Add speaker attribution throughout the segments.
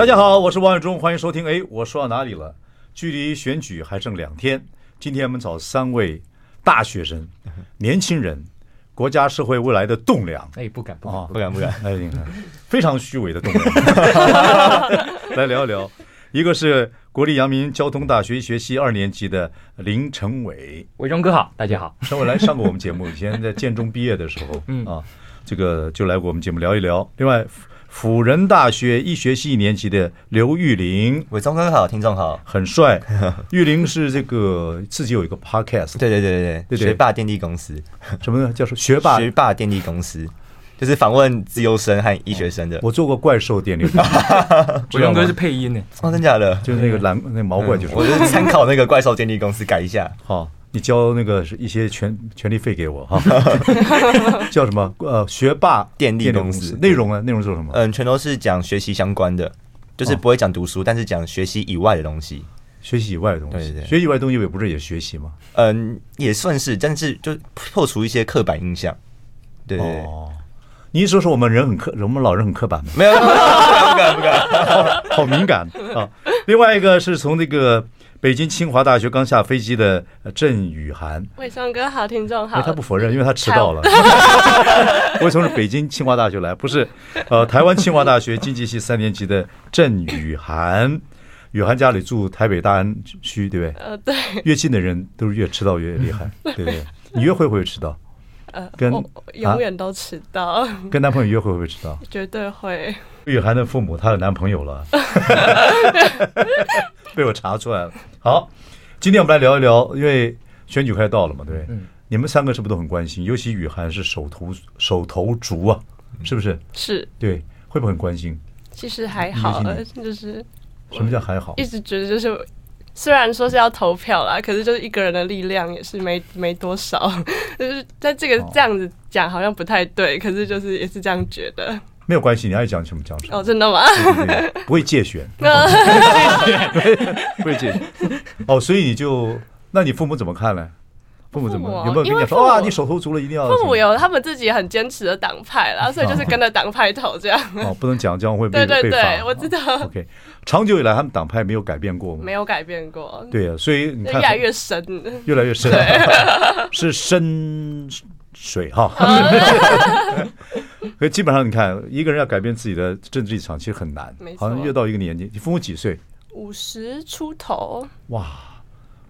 Speaker 1: 大家好，我是王偉忠，歡迎收聽。哎，我說到哪裡了？距離選舉還剩兩天。今天我們找三位大學生、年輕人，國家社會未來的棟梁。哎，不敢，不敢，哦、不，敢不敢，不、哎、敢。非常虛偽的棟梁。 來聊一聊，一個是國立陽明交通大學醫學系二年級的林宸緯，偉忠哥好，大家好。宸緯來上過我們節目，以前在建中畢業的時候，啊嗯啊，這個就來過我們節目聊一聊。另外。輔仁大學醫學系一年級的劉昱麟，
Speaker 2: 偉忠哥好，聽眾好，很帥。昱麟是這個自己有一個 podcast， 對對對對，對，對，對學霸電力公司，什麼呢？叫做學霸學霸電力公司，就是訪問資優生和醫學生的。哦、我做過怪獸電力，偉忠哥是配音呢、 啊，真的假的、嗯？就是那個藍、嗯、那個毛怪，就是，我是參考那個怪獸電力公司改一下， 好。你交那個一些權權利費給我哈， 叫什麼呃學霸電力公司？內容啊，內容是什麼？嗯，全都是講學習相關的，就是不會講讀書、哦，但是講學習以外的東西。學習以外的東西，對對、對，學習以外學習以外的東西也不是也學習嗎？嗯，也算是，但是就破除一些刻板印象。哦。對哦，你一說
Speaker 1: 說我們人很刻， 我們老人很刻板嗎？沒有，不敢，不敢，好、好、好敏感啊。 另外一個是從那個。北京清華大學剛下飛機的鄭宇涵，
Speaker 3: 偉忠哥好，聽眾好。哎，他不否認，因為他遲到了。
Speaker 1: 我從北京清華大學來，不是，呃，台灣清華大學經濟系三年級的鄭宇涵， 宇涵家裡住台北大安區，對不對？呃，
Speaker 3: 對。越
Speaker 1: 近的人都是越遲到越厲害，嗯，對不對？你約會會不會遲到？
Speaker 3: 跟呃，永遠都遲到、啊。跟男朋
Speaker 1: 友約會會不會遲到？
Speaker 3: 絕對會。
Speaker 1: 宇涵的父母，她有男朋友了 被我查出來了。好，今天我們來聊一聊，因為選舉快到了嘛，對？嗯、你們三個是不是都很關心？尤其宇涵是首投首投族啊，是不是？是。對，會不會很關心？
Speaker 3: 其實還好，就是什麼叫還好？一直覺得就是。雖然說是要投票啦，可是就是一個人的力量也是沒沒多少。就是但這個這樣子講，好像不太對、哦。可是就是也是這樣覺得。
Speaker 1: 沒有關係，你愛講什麼講什麼。
Speaker 3: 哦，真的嗎？
Speaker 1: 不會借選。不會借選、, 哦、對 選。哦，所以你就，那你父母怎麼看呢？父母怎麼母有沒有跟你說啊？你首投族,族了，一定要。父母
Speaker 3: 有他們自己很堅持的黨派啦，所以就是跟着黨派投這樣。哦，哦
Speaker 1: 不能講，這樣會被被罰。對對對，我知道。哦、OK。長久以來，他們黨派沒有改變過嗎？
Speaker 3: 沒有改變過。
Speaker 1: 對啊，所以你看，越來越
Speaker 3: 深，越來越深，呵呵
Speaker 1: 是深水哈。所、啊、以、啊、基本上，你看一個人要改變自己的政治立場，其實很難。沒錯。好像越到一個年紀，你父母幾歲？
Speaker 3: 五十出頭。哇，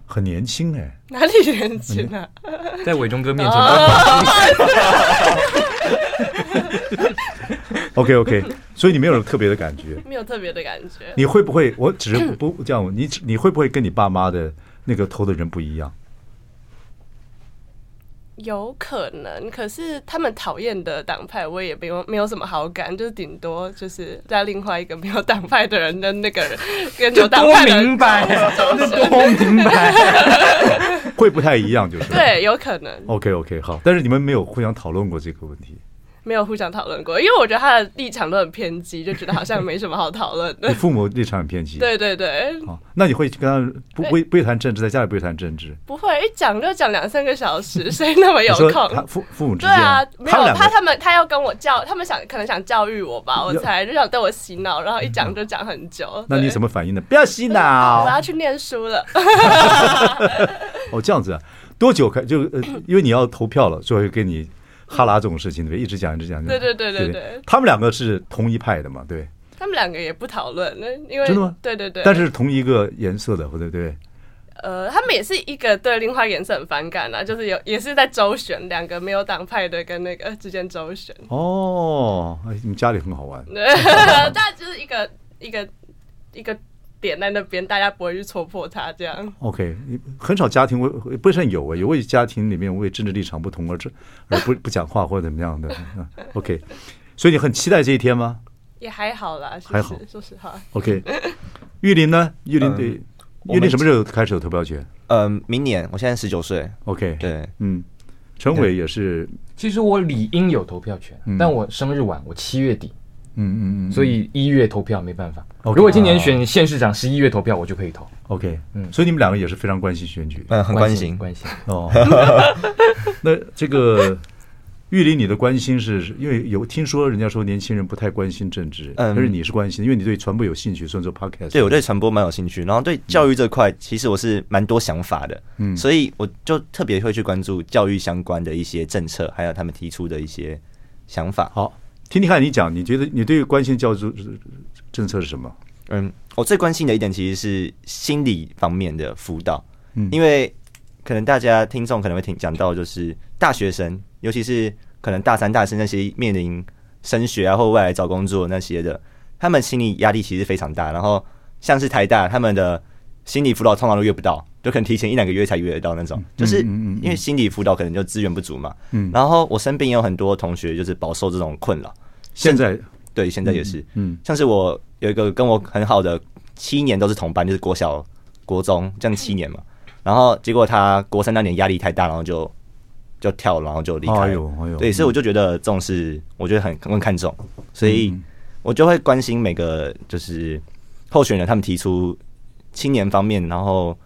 Speaker 3: 很年輕哎、欸！哪裡、啊、年輕啊？在偉忠哥面前、啊。
Speaker 1: OK OK，所以你沒有什麼特別的感覺， 沒
Speaker 3: 有特別的感覺。你會不會？我只是不,不
Speaker 1: 這樣。 你你會不會跟你爸媽的那個投的人不一樣？
Speaker 3: 有可能，可是他們討厭的黨派，我也沒有沒有什麼好感，就是頂多就是在另外一個沒有黨派的人的那個人跟有黨派的明白， 多明白，
Speaker 1: 會不太一樣，就是
Speaker 3: 對，有可能。
Speaker 1: OK OK，好，但是你們沒有互相討論過這個問題。
Speaker 3: 沒有互相討論過，因為我覺得他的立場都很偏激，就覺得好像沒什麼好討論的。 你父
Speaker 1: 母立場很偏激？對
Speaker 3: 對對。哦、
Speaker 1: 那你會跟他不，不會不會談政治，在家裡不會談政治？
Speaker 3: 不會，一講就講兩三個小時，誰那麼有空？
Speaker 1: 父 父母之間啊，對啊，沒有，怕他，他
Speaker 3: 們，他要跟我教，他們想可能想教育我吧，我才就想對我洗腦，然後一講就講很久。
Speaker 1: 那你什麼反應呢？不要洗腦，我要
Speaker 3: 去念書了。
Speaker 1: 哦，這樣子，啊？多久開？就，呃、 因為你要投票了，就會給你。哈拉這種事情，對，一直講一直講。對對對對對，對，對。他們兩個是同一派的嘛？對。
Speaker 3: 他們兩個也不討論，因為真的嗎？對對對。但是
Speaker 1: 同一個顏色的，對不對？呃，
Speaker 3: 他們也是一個對另外顏色很反感啊，就是有也是在週旋，兩個沒有黨派的跟那個之間週旋。
Speaker 1: 哦，哎、你家裡很好玩。對。
Speaker 3: 但就是一個一個一個。一個點在那邊，大家不會去戳破他這樣。
Speaker 1: OK，很少家庭為不是有，欸，有為家庭裡面為政治立場不同而這而不 不講話或者怎麼樣的。OK，所以你很期待這一天嗎？
Speaker 3: 也還好啦，是是還好，說實話。
Speaker 1: OK，昱麟呢？
Speaker 4: 昱麟對，呃、昱麟什麼時候
Speaker 2: 開始有投票權？嗯，呃，明年。我現在十九歲。OK，對，嗯。宸緯也是。
Speaker 4: 其實我理應有投票權，嗯，但我生日晚，我七月底。嗯嗯嗯，所以一月投票沒辦法。哦、okay，如果今年選
Speaker 1: 縣市長，十一月投票我就可以投。OK，嗯，所以你們兩個也是非常關心選舉，嗯，很關心，關心，關心哦。 那這個昱麟，你的關心是因為有聽說人家說年輕人不太關心政治，嗯、但是你是關心，因為你對傳播有興趣，所以做 podcast 對。對我對傳播
Speaker 2: 蠻有興趣，然後對教育這塊、嗯，其實我是蠻多想法的。嗯，所以我就特別會去關注教育相關的一些政策，還有他們提出的一些想法。好。聽聽看，你講，你覺得你對於關心教育政策是什麼？嗯，我最關心的一點其實是心理方面的輔導。嗯，因為可能大家聽眾可能會聽講到，就是大學生，尤其是可能大三、大四那些面臨升學啊，或未來找工作那些的，他們心理壓力其實非常大。然後像是台大，他們的心理輔導通常都約不到，就可能提前一兩個月才約得到那種、嗯。就是因為心理輔導可能就資源不足嘛。嗯，然後我身邊也有很多同學就是飽受這種困擾。現在現對，現在也是嗯，嗯，像是我有一個跟我很好的，七年都是同班，就是國小、國中這樣七年嘛。然後結果他國三那年壓力太大，然後就就跳，然後就離開。哎呦，哎呦。對，所以我就覺得這種事我覺得很很看重，所以我就會關心每個就是候選人他們提出青年方面，然後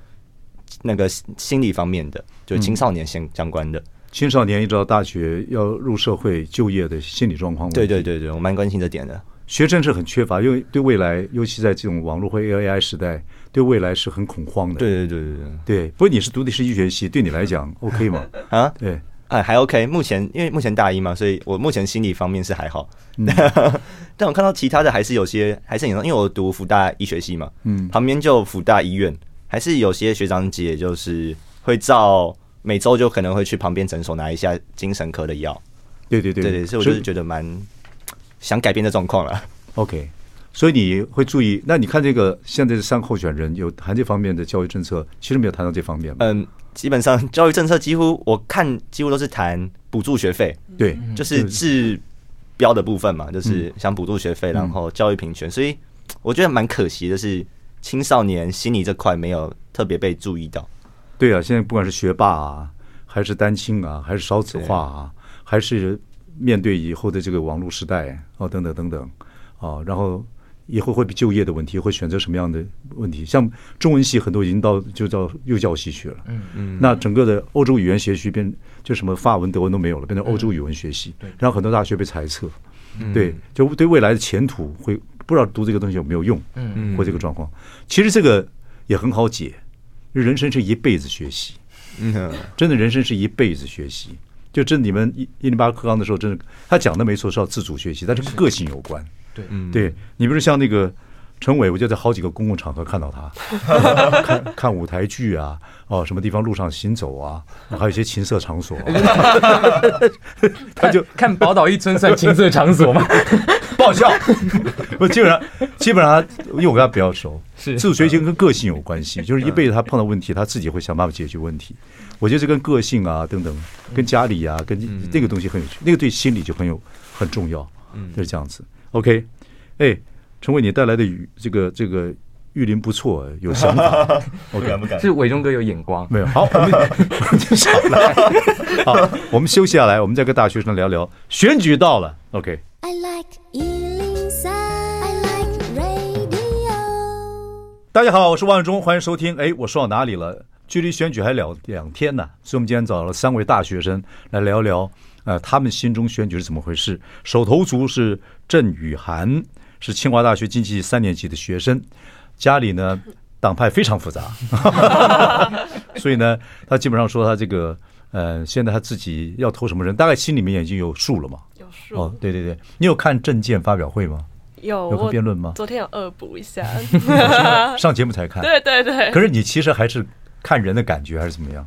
Speaker 2: 那個心理方面的，就是、青少年相相關的。嗯嗯青少年一直到大學要入社會就業的心理狀況，對對對
Speaker 1: 對，我蠻關心這點的。學生是很缺乏，因為對未來，尤其在這種網絡或 AI 時代，
Speaker 2: 對未來是很恐慌的。對對對對對。對，不過你是讀的是醫學系，對你來講 OK 嗎？啊，對，哎、啊，還 OK。目前因為目前大一嘛，所以我目前心理方面是還好。嗯、 但我看到其他的還是有些還是很多，因為我讀輔大醫學系嘛，嗯，旁邊就輔大醫院，還是有些學長姐就是會照。每周就可能會去旁邊診所拿一下精神科的藥。對對對對,對所以我就是覺得蠻想改變這狀況了。OK，所以你會注意？那你看這個現在的三候選人有談這方面的教育政策，其實沒有談到這方面。嗯，基本上教育政策幾乎我看幾乎都是談補助學費，對，就是治標的部分嘛，就是想補助學費，嗯、然後教育平權。所以我覺得蠻可惜的是，青少年心理這塊沒有特別被注意到。對啊，現在不管是學霸啊，
Speaker 1: 還是單親啊，還是少子化啊，yeah. 還是面對以後的這個網絡時代哦，等等等等啊、哦，然後以後會比就業的問題，會選擇什麼樣的問題？像中文系很多已經到就叫幼教系去了，嗯嗯。那整個的歐洲語言學區變就什麼法文、德文都沒有了，變成歐洲語文學系，嗯、然後很多大學被裁撤、嗯，對，就對未來的前途會不知道讀這個東西有沒有用，嗯嗯。或者這個狀況，其實這個也很好解。人生是一輩子學習，嗯、mm
Speaker 2: -hmm.，
Speaker 1: 真的，人生是一輩子學習。就真的，你們一一零八課綱的時候，真的，他講的沒錯，是要自主學習，但是跟個性有關。
Speaker 4: Mm -hmm. 對，
Speaker 1: 嗯，對你不是像那個陳偉，我就在好幾個公共場合看到他， 看看舞台劇啊，哦，什麼地方路上行走啊，還有一些情色場所、啊，
Speaker 4: 他就看《寶島一村》算情色場所嗎？
Speaker 1: 好笑，我基本上基本上，因為我跟他比較熟，是自主學習跟個性有關係，就是一輩子他碰到問題，他自己會想辦法解決問題。我覺得這跟個性啊等等，跟家裡啊跟、嗯，跟那個東西很有趣，那個對心理就很有很重要，就是這樣子。嗯、OK，哎，宸緯，你帶來的雨這個這個昱麟不錯，有想法，我敢不敢？是偉忠哥有眼光，沒有好，我們
Speaker 4: 就下來，
Speaker 1: 好，我們休息下來，我們再跟大學生聊聊選舉到了。OK。i like, I like radio 大家好，我是王偉忠，歡迎收聽。哎，我說到哪裡了？距離選舉還兩兩天呢、啊，所以我們今天找了三位大學生來聊聊，呃，他們心中選舉是怎麼回事。手頭足是鄭宇涵，是清華大學經濟系三年級的學生，家裡呢黨派非常複雜， 所以呢，他基本上說他這個，呃，現在他自己要投什麼人，大概心裡面已經有數了嘛。哦，對對對，你有看政見發表會嗎？有有看辯論嗎？昨
Speaker 3: 天有惡補一下， 哦、
Speaker 1: 上節目才看。對對對，可是你其實還是看人的感覺還是怎麼樣，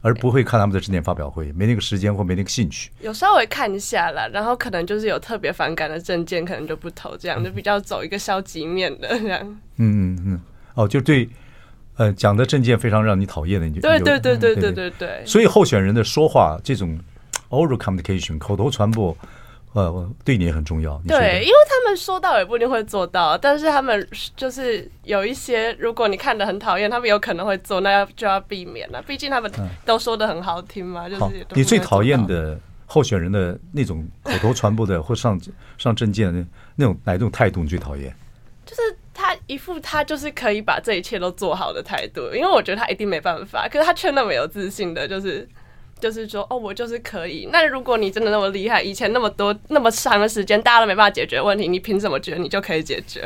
Speaker 1: 而不會看他們的政見發表會，沒那個時間或沒那個興趣。
Speaker 3: 有稍微看一下啦，然後可能就是有特別反感的政見，可能就不投，這樣就比較走一個消極面的這樣。
Speaker 1: 嗯嗯嗯，哦，就對，呃，講的政見非常讓你討厭的，你就對對,對對對對對對對。所以候選人的說話這種。oral communication 口頭傳播，呃，對你也很重要。
Speaker 3: 對，因為他們說到也不一定會做到，但是他們就是有一些，如果你看得很討厭，他們有可能會做，那要就要避免了、啊。畢竟他們都說得很好聽嘛。嗯、就是你最討厭
Speaker 1: 的候選人的那種口頭傳播的， 或上上政見的那種 哪一種態度你最討厭？
Speaker 3: 就是他一副他就是可以把這一切都做好的態度，因為我覺得他一定沒辦法，可是他卻那麼有自信的，就是。就是說，哦，我就是可以。那如果你真的那麼厲害，以前那麼多那麼長的時間，大家都沒辦法解決問題，你憑什麼覺得你就可以解決？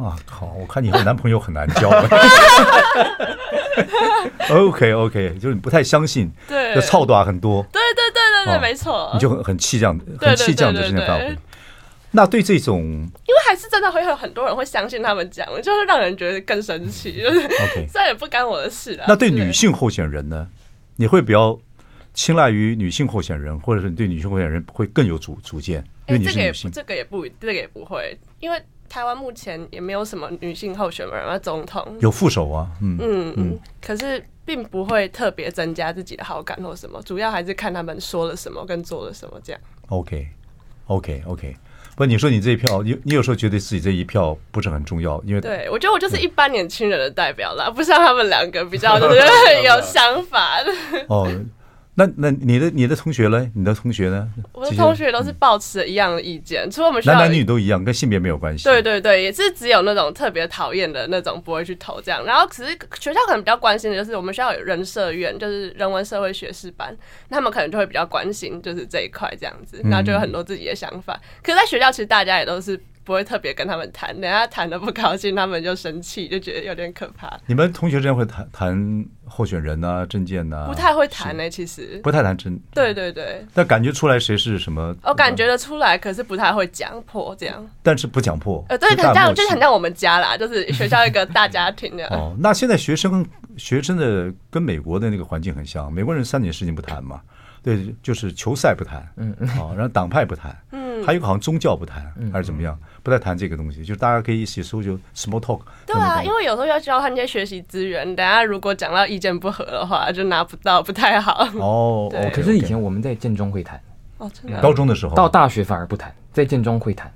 Speaker 1: 哇靠！我看你和男朋友很難交。 OK OK，就是你不太相信，對，就操作很多。對
Speaker 3: 對對對對，哦、對對對沒錯。你就
Speaker 1: 很氣很氣這樣的，很氣這樣的事情發生。那對這種，
Speaker 3: 因為還是真的會有很多人會相信他們講，就是讓人覺得更生氣、就是。OK，這也不干我的事了、啊。那對女
Speaker 1: 性候選人呢？你會比較。青睞於女性候選人，或者是你對女性候選人會更有主主見？因為你是、欸、這個也
Speaker 3: 這個也不這個也不會，因為台灣目前也沒有什麼女性候選人啊，總統有副手啊，嗯嗯嗯，可是並不會特別增加自己的好感或什麼，主要還是看他們說了什麼跟做了什麼這樣。
Speaker 1: OK OK OK，不，你說你這一票，你你有時候覺得自己這一票不是很重要，因為對
Speaker 3: 我覺得我就是一般年輕人的代表啦，嗯、不像他們兩個比較有想法的
Speaker 1: 哦。那那你的你的同學嘞？你的同學呢？
Speaker 3: 我的同學都是抱持一樣的意見，嗯、除了我們學校男男女
Speaker 1: 都一樣，跟性別沒有關係。
Speaker 3: 對對對，也是只有那種特別討厭的那種不會去投這樣。然後其實學校可能比較關心的就是，我們學校有人社院，就是人文社會學士班，他們可能就會比較關心就是這一塊這樣子，然後就有很多自己的想法。嗯、可是在學校其實大家也都是。不會特別跟他們談，等下談的不高興，他們就生氣，就覺得有點可怕。
Speaker 1: 你們同學之間會談談候選人啊，政見啊，不太會談呢？其實不太談真。
Speaker 3: 對對對。
Speaker 1: 但感覺出來誰是什麼？
Speaker 3: 我、哦哦、感覺得出來，可是不太會講破這樣。
Speaker 1: 但是不講破。呃，對，很像，就是很像
Speaker 3: 我們家啦，就是學校一個大家庭的。 哦，
Speaker 1: 那現在學生學生的跟美國的那個環境很像，美國人三點事情不談嘛，對，就是球賽不談，嗯嗯，好，然後黨派不談。 嗯還有好像宗教不談，還是怎麼樣，嗯嗯，不太談這個東西。就是大家可以一起說，就 small talk。對啊，
Speaker 3: 因為有時候要教他們家學習資源，大家如果講到意見不合的話，就拿不到不太好。
Speaker 4: 哦對，可是以前我們在建中會談。哦
Speaker 3: 真的？高中
Speaker 4: 的時候到大學反而不談，在建中會談，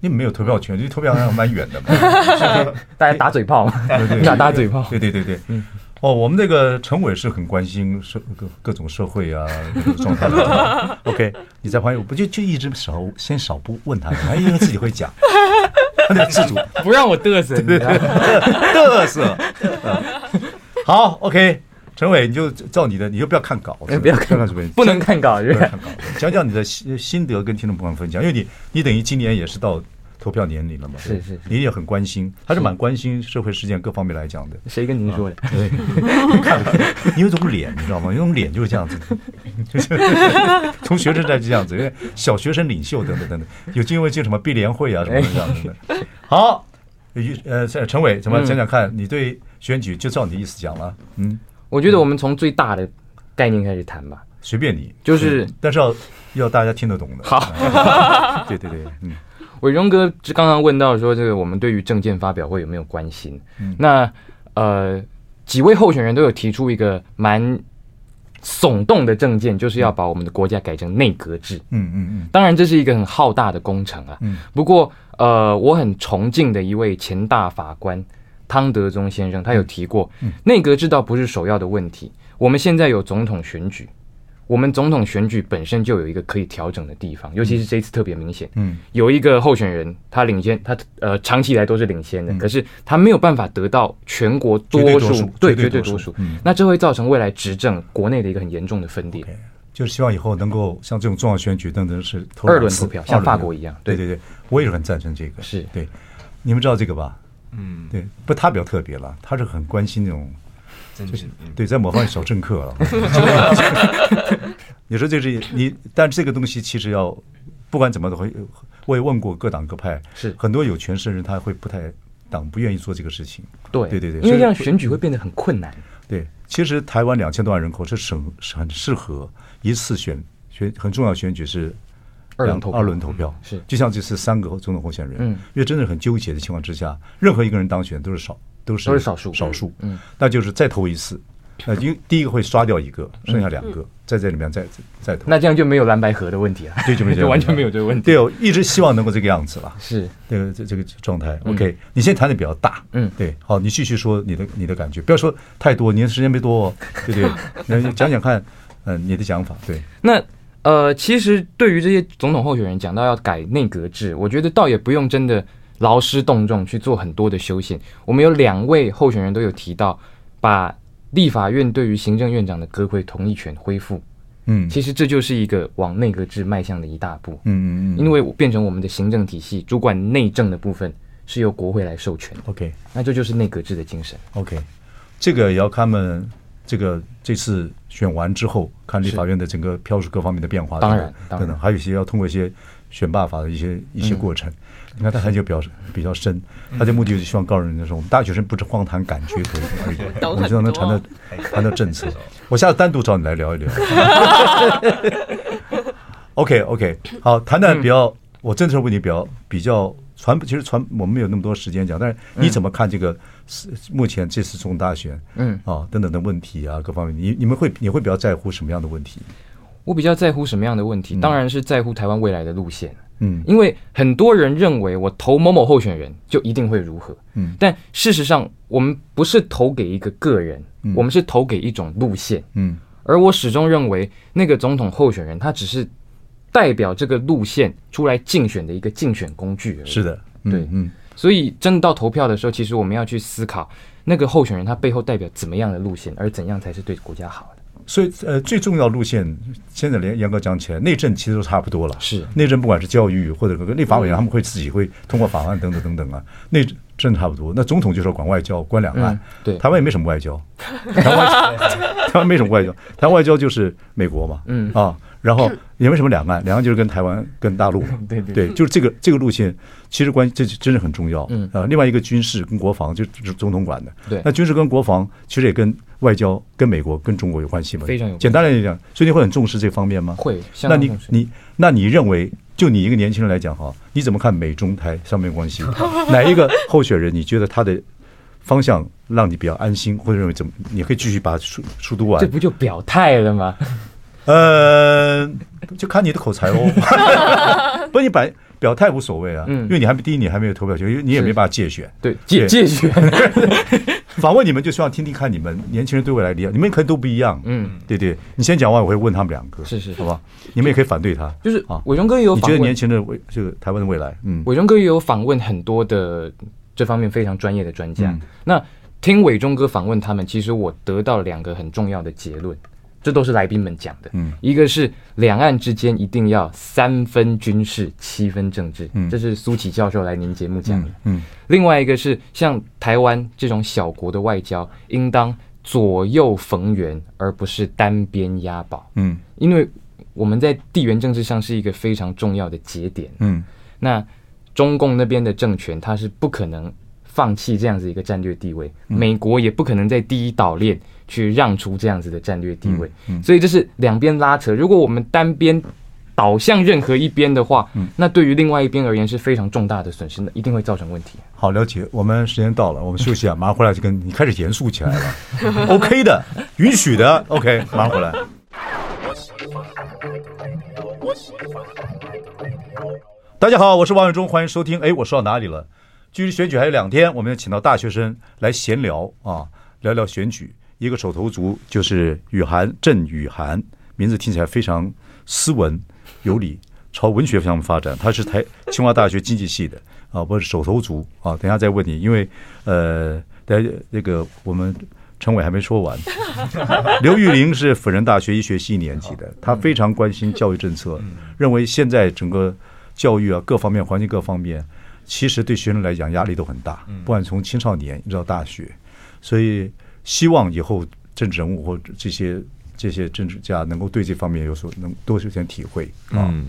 Speaker 4: 你沒有投票權，就投票還蠻遠的嘛， 大家打嘴炮，對 對打
Speaker 1: 嘴炮， 嘴炮 對，對對對對。 對對對對對哦，我們那個宸緯是很關心社各各種社會啊各種狀態的。
Speaker 3: 的、 啊。
Speaker 1: OK，你在旁邊，我不就就一直少先少不問他，他因為他自己會講，他 很 自主，不讓我嘚瑟，你 嘚瑟。啊、好，OK，宸緯，你就照你的，你就不要看稿，子，哎，不要看稿，不能看稿，子，講講你的心心得跟聽眾朋友分享，因為你你等於今年也是到投票年齡了嘛？是是，是，你也很關心，是是還是蠻關心社會事件各方面來講的。誰跟您說的？啊、對，看 你有種臉你知道嗎？有種臉就是這樣子的， 從學生在這樣子，因為小學生領袖等等等等，有機會進什麼畢聯會啊什麼的這樣的。好，於呃，宸宸緯，怎麼講講看、嗯？你對選舉就照你的意思講了。嗯，我覺得我們從最大的概念開始談吧。嗯、
Speaker 4: 隨便你，就是，是
Speaker 1: 但是要要大家聽得懂的。好，
Speaker 4: 啊、對對對，嗯。偉忠哥，這剛剛問到說，這個我們對於政見發表會有沒有關心？那呃，幾位候選人都有提出一個蠻聳動的政見，就是要把我們的國家改成內閣制。嗯嗯嗯。當然，這是一個很浩大的工程啊。不過，呃，我很崇敬的一位前大法官湯德宗先生，他有提過，內閣制倒不是首要的問題。我們現在有總統選舉。我們總統選舉本身就有一個可以調整的地方，尤其是這一次特別明顯。嗯，有一個候選人，他領先，他呃長期來都是領先的、嗯，可是他沒有辦法得到全國多數，對絕對多數，對對多數，對多數、嗯。那這會造成未來執政國內的一個很嚴重的分裂。嗯、
Speaker 1: Okay, 就是希望以後能夠像這種重要選舉等等是投。二輪票投票，像法國一樣。對對對，我也很贊成這個。嗯、對是對，你們知道這個吧？嗯，對，不他比較特別啦，他是很關心那種。嗯、就是對，在某方面少政客了。 你說這是你，但這個東西其實要，不管怎麼都會。我也問過各黨各派，是很多有權勢的人他會不太黨不願意做這個事情。對，對對對，因為這樣選舉會變得很困難。對，其實台灣兩千多萬人口是省很適合一次選選很重要選舉是二兩投二輪投票是，就像這次三個總統候選人，因為真的很糾結的情況之下，任何一個人當選都是少。都是少數，少數嗯，嗯，那就是再投一次，那、呃、因為第一個會刷掉一個，剩下兩個，嗯、再在這裡面再再投、嗯嗯、再，裡面再，再投，那這樣就沒有藍白合的問題了，對， 就沒有，完全沒有這個問題， 對我一直希望能夠這個樣子了 是對這個這這個狀態，OK，嗯、你先談的比較大，嗯，對，好，你繼續說你的你的感覺，不要說太多，你的時間沒多、哦，對對？那 講講看，嗯、呃，你的想法，對，
Speaker 4: 那呃，其實對於這些總統候選人講到要改內閣制，我覺得倒也不用真的。勞師動眾去做很多的修憲，我們有兩位候選人都有提到，把立法院對於行政院長的閣揆同意權恢復。嗯，其實這就是一個往內閣制邁向的一大步。嗯嗯嗯，因為變成我們的行政體系主管內政的部分是由國會來授權。OK，那這就是內閣制的精神。OK。OK，這個也要看們這個這次選完之後，看立法
Speaker 1: 院的整個票數各方面的變化。當然，當然，還有一些要通過一些選罷法的一些一些過程。嗯你看他很久比較比較深，他的目的就是希望告訴人家說，我、嗯、們大學生不止荒談感覺可以、嗯。我知道能談到談到政策，我下次單獨找你來聊一聊。 OK OK，好，談談比較，嗯、我政策問題比較比較傳，其實傳我們沒有那麼多時間講，但是你怎麼看這個、嗯、目前這次重大選，嗯啊、哦、等等的問題啊，各方面你你們會你會比較在乎什麼樣的問題？
Speaker 4: 我比較在乎什麼樣的問題？當然是在乎台灣未來的路線。嗯，因為很多人認為我投某某候選人就一定會如何，嗯，但事實上我們不是投給一個個人，我們是投給一種路線，嗯，而我始終認為那個總統候選人他只是代表這個路線出來競選的一個競選工具而已，是的，對，嗯，所以真的到投票的時候，其實我們要去思考那個候選人他背後代表怎麼樣的路線，而怎樣才是對國家好的。所以，呃，最重要的路線，
Speaker 1: 現在連嚴格講起來，內政其實都差不多了。是內政，不管是教育或者立法委員，他們會自己會通過法案等等等等啊、嗯。內政差不多，那總統就是管外交，管兩岸。嗯、對台灣也沒什麼外交，台灣，台灣沒什麼外交，台灣外交就是美國嘛。嗯啊。然後因為什麼兩岸？兩岸就是跟台灣、跟大陸， 對,對對，就是這個這個路線，其實關係這真是很重要。嗯啊、呃，另外一個軍事跟國防就是總統管的。對，那軍事跟國防其實也跟外交、跟美國、跟中國有關係嗎？非常有關係。簡單來講，所以你會很重視這方面嗎？會。那你你那你認為就你一個年輕人來講哈，你怎麼看美中台上面有關係？ 哪一個候選人你覺得他的方向讓你比較安心，或者認為怎麼？你可以繼續把書書讀完。這不就表態了嗎？呃，就看你的口才哦。 不，你把表表態無所謂啊，嗯，因為你還沒第一你還沒有投票權，因為你也沒辦法借選。對，借借選，啊。訪 問你們就希望聽聽看你們年輕人對未來理想，你們可能都不一樣。嗯，對對，對，你先講完我會問他們兩個。是是，
Speaker 4: 好吧。
Speaker 1: 你們也可以反對他。就是啊，偉忠哥也有。你覺得年
Speaker 4: 輕人就是台灣的未來？嗯，偉忠哥也有訪問很多的這方面非常專業的專家，嗯。那聽偉忠哥訪問他們，其實我得到兩個很重要的結論。這都是來賓們講的，嗯，一個是兩岸之間一定要三分軍事七分政治，嗯，這是蘇起教授來您節目講的嗯，嗯，另外一個是像台灣這種小國的外交應當左右逢源，而不是單邊押寶，嗯，因為我們在地緣政治上是一個非常重要的節點，嗯，那中共那邊的政權它是不可能放棄這樣子一個戰略地位，美國也不可能在第一島鏈去讓出這樣子的戰略地位，嗯嗯，所以這是兩邊拉扯。如果我們單邊倒向任何一邊的話，嗯，那對於另外一邊而言是非常重大的損失的，一定會造成問題。
Speaker 1: 好，了解。我們時間到了，我們休息啊，okay. 馬上回來就跟你開始嚴肅起來了。 OK 的，允許的。OK，馬上回來。 大家好，我是王偉忠，歡迎收聽。哎，我說到哪裡了？距離選舉還有兩天，我們要請到大學生來閒聊啊，聊聊選舉。一個首投族就是宇涵，鄭宇涵，名字聽起來非常斯文有禮，朝文學方向發展。他是台清華大學經濟系的啊，不是首投族啊。等一下再問你，因為呃，等下那個我們宸緯還沒說完 劉昱麟是輔仁大學醫學系一年級的，他非常關心教育政策，認為現在整個教育啊，各方面環境各方面，其實對學生來講壓力都很大，不管從青少年一直到大學，所以。希望以後政治人物或這些這些政治家能夠對這方面有所能多有些體會啊、嗯。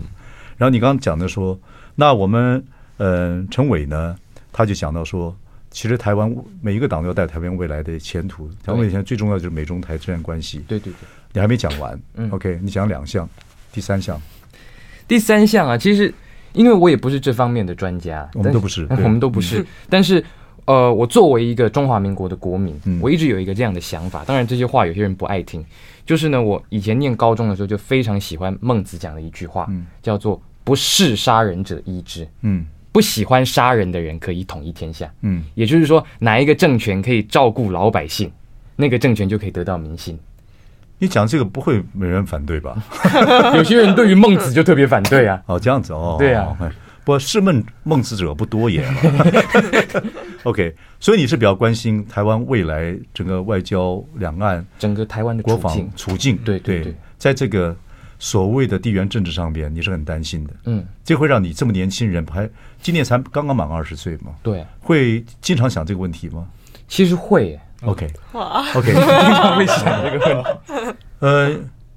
Speaker 1: 然後你剛剛講的說，那我們呃陳偉呢，他就講到說，其實台灣每一個黨都要帶台灣未來的前途。台灣目前最重要就是美中台之間關係對。對對對，你還沒講完、嗯。OK，你講
Speaker 4: 兩項，第三項，第三項啊，其實因為我也不是這方面的專家，我們都不是、啊，我們都不是，嗯、但是。呃，我作為一個中華民國的國民，嗯、我一直有一個這樣的想法。當然，這些話有些人不愛聽。就是呢，我以前念高中的時候就非常喜歡孟子講的一句話、嗯，叫做“不嗜殺人者一之”。嗯，不喜歡殺人的人可以統一天下。嗯，也就是說，哪一個政權可以照顧老百姓，那個政權就可以得到民心。你講這個不會沒人反對吧？
Speaker 1: 有些人對於孟子就特別反對啊。哦，這樣子哦，對呀、啊。哦不，是孟孟子者不多也。啊、 OK，所以你是比較關心台灣未來整個外交、兩岸、整個台灣的國防處境，對對，對，對。在這個所謂的地緣政治上面，你是很擔心的。嗯，這會讓你這麼年輕人，還今年才剛剛滿二十歲嘛？對，會經常想這個問題嗎？其實會耶。OK，o、
Speaker 3: okay, okay, k 經常會想這個問
Speaker 2: 題。呃，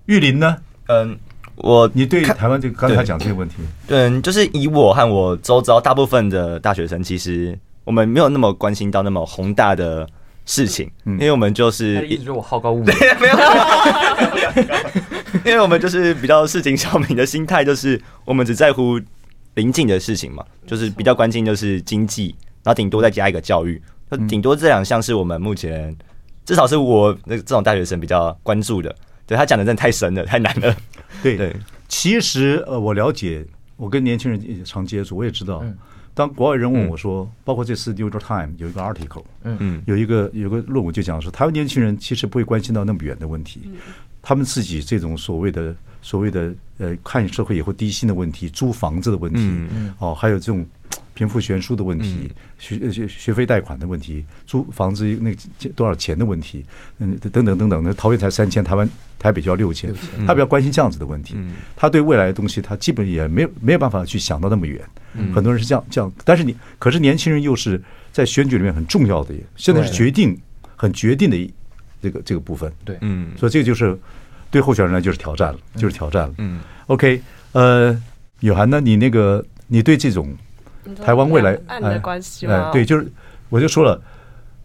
Speaker 2: 昱麟呢？嗯。我，你對台灣就剛才講這個問題，對，嗯，就是以我和我周遭大部分的大學生，其實我們沒有那麼關心到那麼宏大的事情，因為我們就是，嗯，是一直
Speaker 4: 說我好高騖遠，沒有，
Speaker 2: 因為我們就是比較市井小民的心態，就是我們只在乎臨近的事情嘛，就是比較關心就是經濟，然後頂多再加一個教育，頂多這兩項是我們目前至少是我那這種大學生比較關注的。他講的真的太神了，太難了對。對對，
Speaker 1: 其實呃，我了解，我跟年輕人也常接觸，我也知道，當國外人問我說，嗯、包括這次《New York Times》有一個 article，嗯嗯，有一個有個論文就講說，台灣年輕人其實不會關心到那麼遠的問題，嗯、他們自己這種所謂的。所謂的呃，看社會以後低薪的問題，租房子的問題，嗯嗯、哦，還有這種貧富懸殊的問題，嗯、學學學費貸款的問題，租房子那個多少錢的問題，嗯，等等等等，那桃園才三千，臺灣台北就要六千，六千、嗯，他比較關心這樣子的問題。嗯嗯、他對未來的東西，他基本也沒沒有辦法去想到那麼遠、嗯。很多人是這樣這樣，但是你可是年輕人又是在選舉裡面很重要的，現在是決定很決定的這個這個部分。對，嗯，所以這個就是。對候選人來就是挑戰了、嗯，就是挑戰了。嗯，OK，呃，宇涵呢，你那個，你對這種
Speaker 2: 台灣未來，兩岸的關係嗎、哎哎，對，就
Speaker 1: 是我就說了，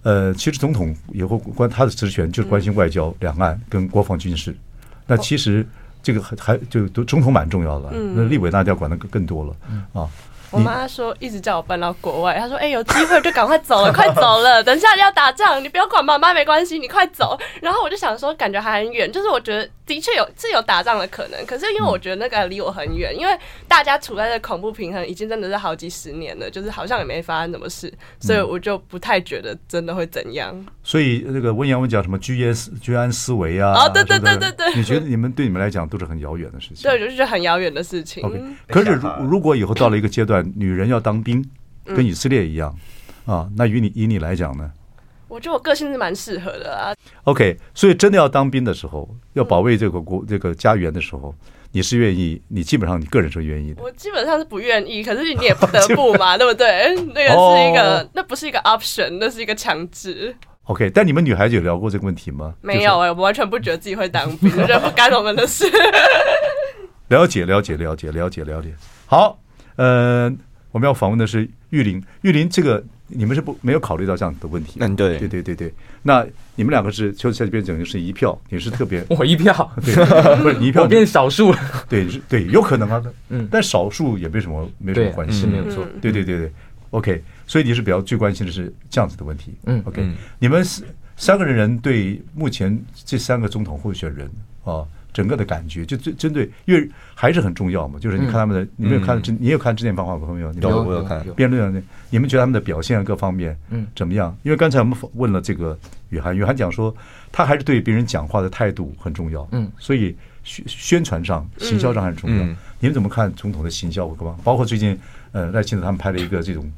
Speaker 1: 呃，其實總統以後關他的職權就是關心外交、兩岸跟國防軍事。嗯、那其實這個還就都總統蠻重要的，那、哦、立委那就要管的更多了、嗯、
Speaker 3: 啊。我媽說一直叫我搬到國外，她說：“哎，有機會就趕快走了， 快走了，等一下要打仗，你不要管媽媽，沒關係，你快走。”然後我就想說，感覺還很遠，就是我覺得。的確有是有打仗的可能，可是因為我覺得那個離我很遠，嗯，因為大家處在的恐怖平衡已經真的是好幾十年了，就是好像也沒發生什麼事，嗯，所以我就不太覺得真的會怎樣。
Speaker 1: 所以那個文言文講什麼居安思居安思危啊？哦啊，對對對對對。你覺得你們對你們來講都是很遙遠的事
Speaker 3: 情？對，就是很遙遠的事情。Okay, 可是
Speaker 1: 如如果以後到了一個階段， 女人要當兵，跟以色列一樣啊，那與你以你來講呢？
Speaker 3: 我覺得我個性是蠻適合的啊。
Speaker 1: OK，所以真的要當兵的時候，要保衛這個國、嗯、這個家園的時候，你是願意？你基本上你個人是願意的。
Speaker 3: 我基本上是不願意，可是你也不得不嘛， 對不對？那個是一個，oh. 那不是一個 option，那是一個強制。
Speaker 1: OK，但你們女孩子有聊過這個問題嗎？
Speaker 3: 沒有、欸、我完全不覺得自己會當兵， 覺得不關我們的事。
Speaker 1: 了解，了解，了解，了解，了解。好，嗯、呃，我們要訪問的是昱麟，昱麟這個。你們是不沒有考慮到這樣的問題？嗯，對，對對對對。那你們兩個是就現在變成是一票，你是特別，我一票，對對，不是你一票變少數。對，對，有可能啊。嗯，但少數也沒什麼，沒什麼關係，沒有錯。對對對對，嗯，OK。所以你是比較最關心的是這樣子的問題。嗯，OK 嗯。你們三三個人人對目前這三個總統候選人啊。整個的感覺就就針對，因為還是很重要嘛。就是你看他們的，嗯、你沒有看，嗯、你有看之前談話有沒有？有，我，我有看。有有有辯論上，你們覺得他們的表現各方面怎麼樣？嗯、因為剛才我們問了這個宇涵，宇涵講說他還是對別人講話的態度很重要。嗯，所以宣宣傳上、行銷上很重要，嗯。你們怎麼看總統的行銷我包括最近呃賴清德他們拍了
Speaker 4: 一個這種。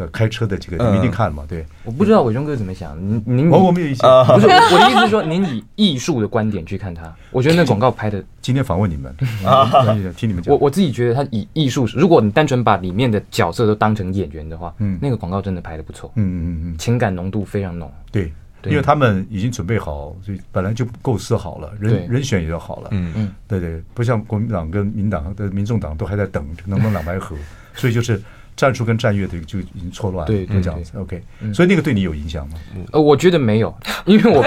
Speaker 4: 呃，開車的這個、嗯、你一定看了嘛？對，我不知道偉忠哥怎麼想，您您沒有意見？不是，我的意思是說， 您以藝術的觀點去看他，我覺得那廣告拍的。今天訪問你們， 嗯、聽你們講。我我自己覺得他以藝術，如果你單純把裡面的角色都當成演員的話，嗯，那個廣告真的拍的不錯，嗯嗯嗯嗯，情感濃度非常濃。對。對，因為他們已經準備好，所以本來就構思好了，人人選也就好了，嗯嗯，對對、
Speaker 1: 嗯，不像國民黨跟民黨的民眾黨都還在等能不能藍白合， 所以就是。.戰術跟戰略的就已經錯亂了，對，對對，對這樣子。OK，、嗯、所以那個對你有影響嗎？呃，我覺得沒有，
Speaker 4: 因為我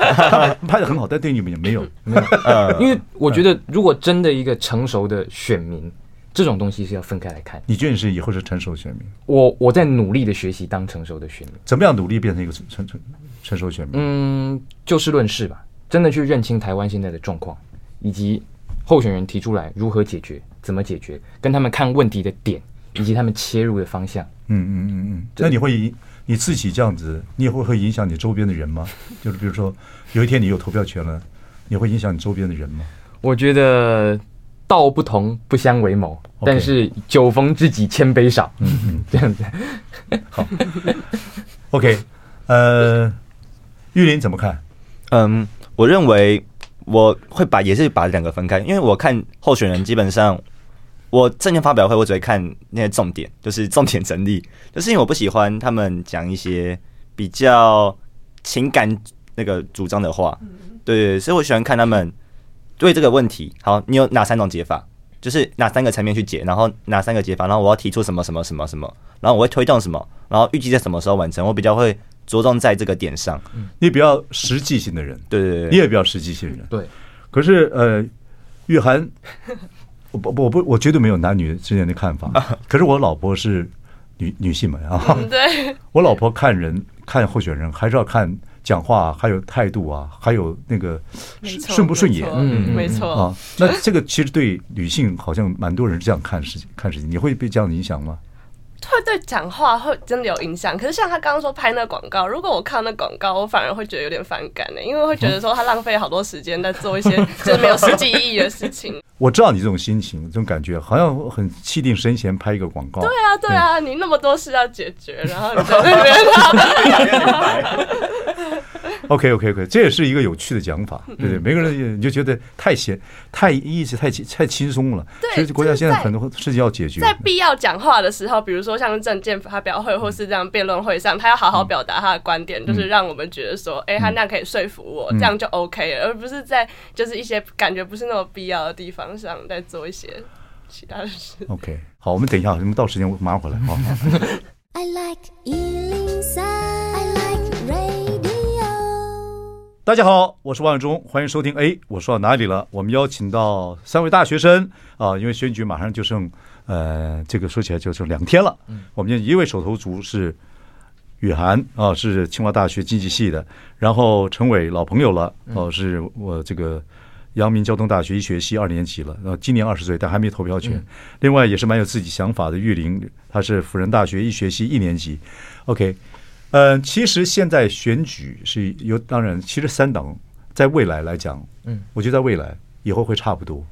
Speaker 4: 拍的很好，但對你們也沒有。沒有 因為我覺得，如果真的一個成熟的選民，嗯、這種東西是要分開來看。你覺得你是以後是成熟的選民？我我在努力的學習當成熟的選民。怎麼樣努力變成一個成成成熟選民？嗯，就事論事吧，真的去認清台灣現在的狀況，以及候選人提出來如何解決、怎麼解決，跟他們看問題的點。以及他們切入的方向。
Speaker 1: 嗯
Speaker 4: 嗯嗯嗯，那你會影，你自己這樣子，你也會會影響你周邊的人嗎？
Speaker 1: 就是比如說，有一天你有投票權了，你會影響你周邊的人嗎？
Speaker 4: 我覺得道不同不相為謀，okay. 但是酒逢知己千杯少。嗯嗯，這樣子。好。OK，呃，
Speaker 2: 昱麟怎麼看？嗯，我認為我會把也是把兩個分開，因為我看候選人基本上。我政見發表會，我只會看那些重點，就是重點整理。就是因為我不喜歡他們講一些比較情感那個主張的話，對,對,對，所以我喜歡看他們對這個問題，好，你有哪三種解法？就是哪三個層面去解，然後哪三個解法，然後我要提出什麼什麼什麼什麼，然後我會推動什麼，然後預計在什麼時候完成？我比較會着重在這個點上。嗯、你比較實際性的人，對,對,
Speaker 4: 對,對，你
Speaker 1: 也比
Speaker 2: 較實際性的人，
Speaker 4: 對。
Speaker 2: 可是呃，宇
Speaker 1: 涵。 我不我不我絕對沒有男女之間的看法，啊，可是我老婆是女女性嘛啊，嗯，對，我老婆看人看候選人還是要看講話，還有態度啊，還有那個順不順眼，嗯，沒錯，嗯嗯嗯，啊，那這個其實對女性好像蠻多人這樣看事情看事情，你會被這樣影響嗎？
Speaker 3: 會對講話會真的有影響，可是像他剛剛說拍那廣告，如果我看那廣告，我反而會覺得有點反感呢、欸，因為會覺得說他浪費好多時間在做一些就是沒有實際意義的事情。
Speaker 1: 我知道你這種心情，這種感覺好像很氣定神閒拍一個廣告。對啊，
Speaker 3: 對啊、嗯，你那麼多事要解決，然後你就。
Speaker 1: OK，OK，OK，okay, okay, okay. 這也是一個有趣的講法，嗯、對對，每個人你就覺得太閒，太意思太輕太輕鬆了。對。其實國家現在很多事情要解決在。在
Speaker 3: 必要講話的時候，比如說像政見發表會或是這樣辯論會上，他要好好表達他的觀點，嗯、就是讓我們覺得說，哎、嗯欸，他那樣可以說服我、嗯，這樣就 OK 了，而不是在就是一些感覺不是那麼必要的地方上再做一些其他的事。
Speaker 1: OK，好，我們等一下，我們到時間我馬上回來，好，
Speaker 2: 好，好。
Speaker 3: I like
Speaker 1: 大家好，我是王偉忠，歡迎收聽。哎，我說到哪裡了？我們邀請到三位大學生啊，因為選舉馬上就剩，呃，這個說起來就剩兩天了。嗯，我們一位首投族是宇涵啊，是清華大學經濟系的，然後宸緯老朋友了，哦、啊，是我這個陽明交通大學醫學系二年級了，然、呃、今年二十歲，但還沒投票權、嗯。另外也是蠻有自己想法的昱麟，他是輔仁大學醫學系一年級。OK。嗯、呃，其實現在選舉是有，當然，其實三黨在未來來講，嗯，我覺得在未來以後會差不多，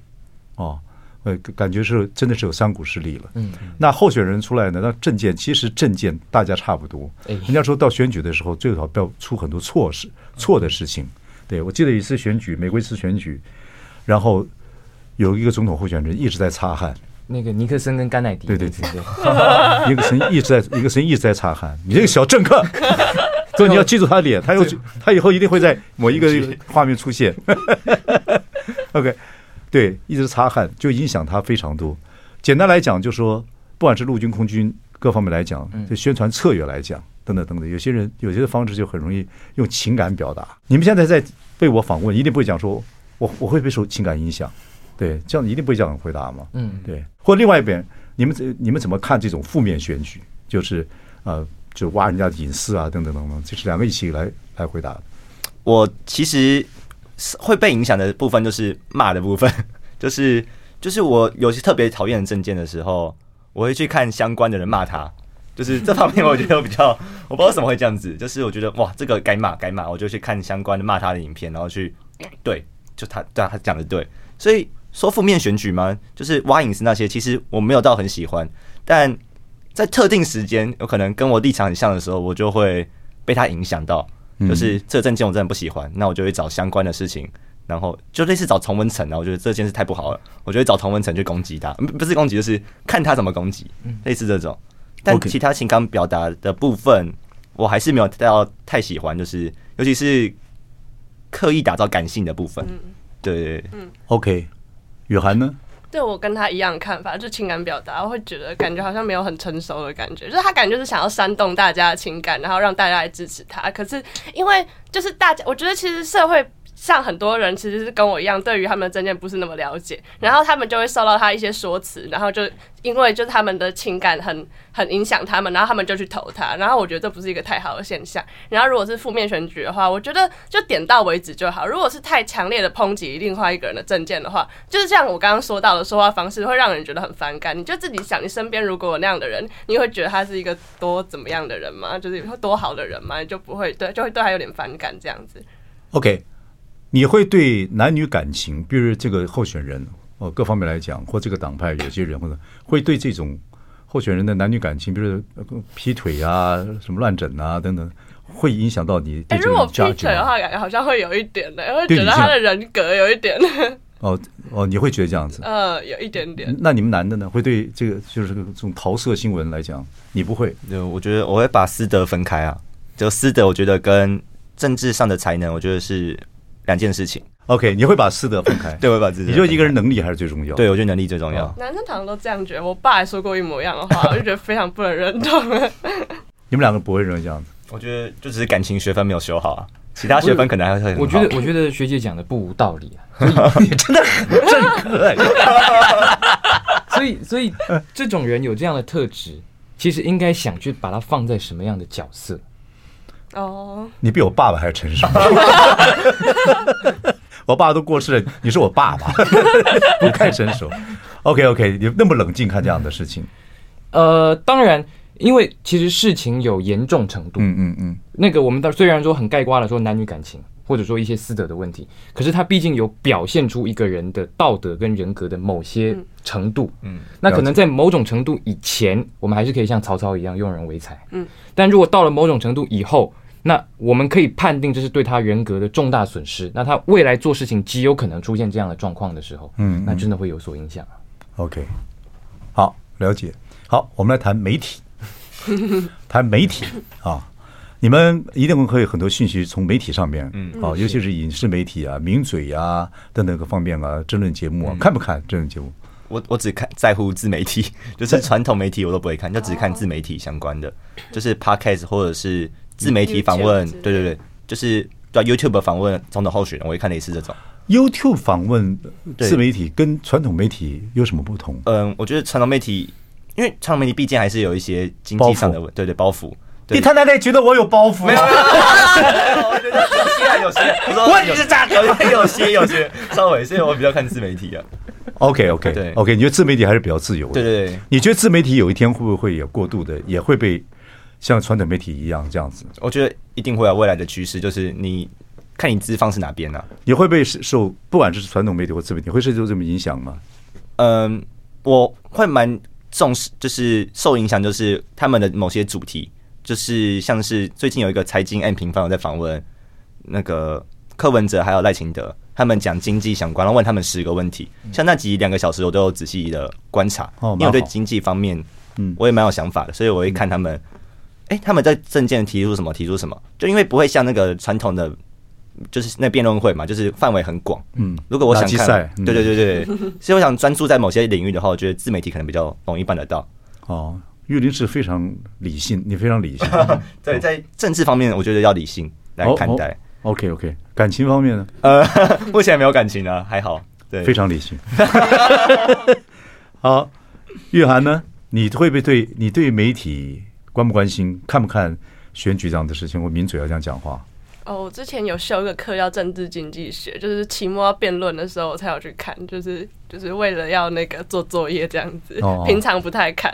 Speaker 1: 哦，呃，感覺是真的是有三股勢力了。嗯，嗯，那候選人出來呢，那政見其實政見大家差不多。哎，人家說到選舉的時候，最好不要出很多錯事、錯的事情。對，我記得一次選舉，美國一次選舉，然後有一個總統候選人一直在擦汗。
Speaker 4: 那個尼克森跟甘乃迪，
Speaker 1: 對對對對，尼克森一直在，尼克森一直在擦汗。你這個小政客，所 以你要記住他的臉，他又，他以後一定會在某一個畫面出現。 OK，對，一直擦汗就影響他非常多。簡單來講，就是說不管是陸軍、空軍各方面來講，就宣傳策略來講，等等等等，有些人有些的方式就很容易用情感表達。你們現在在被我訪問，一定不會講說，我我會不會受情感影響？對，這樣一定不會叫人回答嘛？嗯，對。或另外一邊，你們你們怎麼看這種負面選舉？就是呃，就挖人家的隱私啊，等等等等。其實兩個一起來來回答。
Speaker 2: 我其實會被影響的部分就是罵的部分，就是就是我有些特別討厭的政見的時候，我會去看相關的人罵他，就是這方面我覺得我比較 我不知道為什麼會這樣子，就是我覺得哇，這個該罵該罵，我就去看相關的罵他的影片，然後去對，就他對他講的對，所以。說負面選舉嗎？就是挖隱私那些，其實我沒有到很喜歡。但在特定時間，有可能跟我立場很像的時候，我就會被他影響到。就是這個政見我真的不喜歡，那我就會找相關的事情，然後就類似找同溫層。然後我覺得這件事太不好了，我就會找同溫層去攻擊他，不是攻擊，就是看他怎麼攻擊、嗯。類似這種，但其他情感表達的部分，okay. 我還是沒有到太喜歡。就是尤其是刻意打造感性的部分，嗯、對，
Speaker 3: 嗯
Speaker 2: ，OK。宇涵呢？
Speaker 3: 對，我跟他一樣看法，就情感表達，我會覺得感覺好像沒有很成熟的感覺，就是他感覺是想要煽動大家的情感，然後讓大家來支持他。可是因為就是大家，我覺得其實社會。像很多人其實是跟我一樣，對於他們的政見不是那麼了解，然後他們就會受到他一些說辭，然後就因為就是他們的情感很很影響他們，然後他們就去投他，然後我覺得這不是一個太好的現象。然後如果是負面選舉的話，我覺得就點到為止就好。如果是太強烈的抨擊另外一個人的政見的話，就是像我剛剛說到的說話方式會讓人覺得很反感。你就自己想，你身邊如果有那樣的人，你會覺得他是一個多怎麼樣的人嗎？就是有多好的人嗎？你就不會對，就會對他有點反感這樣子。
Speaker 1: OK。你會對男女感情，比如這個候選人，哦，各方面來講，或這個黨派有些人，或者會對這種候選人的男女感情，比如劈腿啊、什麼亂整啊等等，會影響到你？哎、啊，如果劈腿的話，感覺好
Speaker 3: 像會有一點的，會覺得他的人格有一點。哦
Speaker 1: 哦，你會覺得這樣子？呃，
Speaker 3: 有一點點。
Speaker 2: 那你們男的呢？會對這個就是這種桃色新聞來講，你不會？就我覺得我會把私德分開啊，就私德，我覺得跟政治上的才能，我覺得是。兩件事情，OK，你會把師德分開， 對吧？我會把自己，你就一個人能力還是最重要。 對，我覺得能力最重要。
Speaker 3: 哦、男生常常都這樣覺得，我爸還說過一模一樣的話，我 就覺得非常不能認同。
Speaker 2: 你們兩個不會認為這樣子，我覺得就只是感情學分沒有修好啊，其他學分可能還會很。我覺得，我
Speaker 4: 覺得學姐講的不無道理啊，你 真,
Speaker 3: 真的很可愛 所
Speaker 4: 以，所以,所以這種人有這樣的特質，其實應該想去把它放在什麼樣的角色？哦，你比我爸爸還成
Speaker 1: 熟 我爸爸都過世了，你是我爸爸，不
Speaker 4: 太成熟。OK OK，你那麼冷靜看這樣的事情、嗯。呃，當然，因為其實事情有嚴重程度。嗯嗯嗯。那個，我們雖然說很概括地說男女感情，或者說一些私德的問題，可是他畢竟有表現出一個人的道德跟人格的某些程度。嗯。那可能在某種程度以前，嗯、我們還是可以像曹操一樣用人唯才。嗯。但如果到了某種程度以後，那我們可以判定，這是對他人格的重大損失。那他未來做事情極有可能出現這樣的狀況的時候，嗯，嗯，那真的會有所影響、啊。
Speaker 1: OK，好，了解。好，我們來談媒體，談 媒體啊， 你們一定會有很多訊息從媒體上面，嗯，哦，尤其是影視媒體啊、名嘴啊等等各方面啊，政論節目啊，看不看
Speaker 2: 政論節目？我我只看在乎自媒體，就是傳統媒體我都不會看， 就只看自媒體相關的，就是 podcast 或者是。自媒體訪問，對對對，就是叫 YouTube 訪問總統候選人，我一看也是這種。
Speaker 1: YouTube 訪問自媒體跟傳
Speaker 2: 統媒體有什麼不同？嗯，我覺得傳統媒體，因為傳統媒體畢竟還是有一些經濟上的問，對，對對，包袱。對，你他那裡覺得我有包袱呀？有啊、 我覺得有些有些，我說問題是咋的？有些有些，稍微，所以我比較看自媒體
Speaker 1: 啊。OK OK，對，OK，你覺得自媒體還是比較自由的？對，對，對，你覺得自媒體有一天會不會有過度的也會被？像傳統媒體一樣這樣子，
Speaker 2: 我覺得一定會有未來的趨勢。就是你看，你資方是哪邊呢、啊？
Speaker 1: 你會被受不管是傳統媒體或自媒體，會受這麼影響嗎？嗯，
Speaker 2: 我會蠻重視，就是受影響，就是他們的某些主題，就是像是最近有一個財經 M 平方，我在訪問那個柯文哲還有賴清德，他們講經濟相關，然後問他們十個問題。像那幾兩個小時，我都有仔細的觀察，因為有對經濟方面，嗯，我也蠻有想法的，所以我會看他們。哎、欸，他們在政見提出什麼？提出什麼？就因為不會像那個傳統的，就是那辯論會嘛，就是範圍很廣。嗯，如果我想看、啊嗯，對對對對，所以我想專注在某些領域的話，我覺得自媒體可能比較容易辦得到。
Speaker 1: 哦，昱麟是非常理性，你非常理性，
Speaker 2: 在 在政治方面，我覺得要理性來看待、哦哦。
Speaker 1: OK OK，感情方面呢？呃，
Speaker 2: 目前沒有感情啊，還好。對，非常理性。
Speaker 1: 好，宇涵呢？你會不會對你對媒體？關不關心？看不看？選舉這樣的事情，我抿嘴要這樣講話。
Speaker 3: 哦、oh，我之前有修個課，叫政治經濟學，就是期末要辯論的時候我才要去看，就是就是為了要那個做作業這樣子，oh。平常不太看。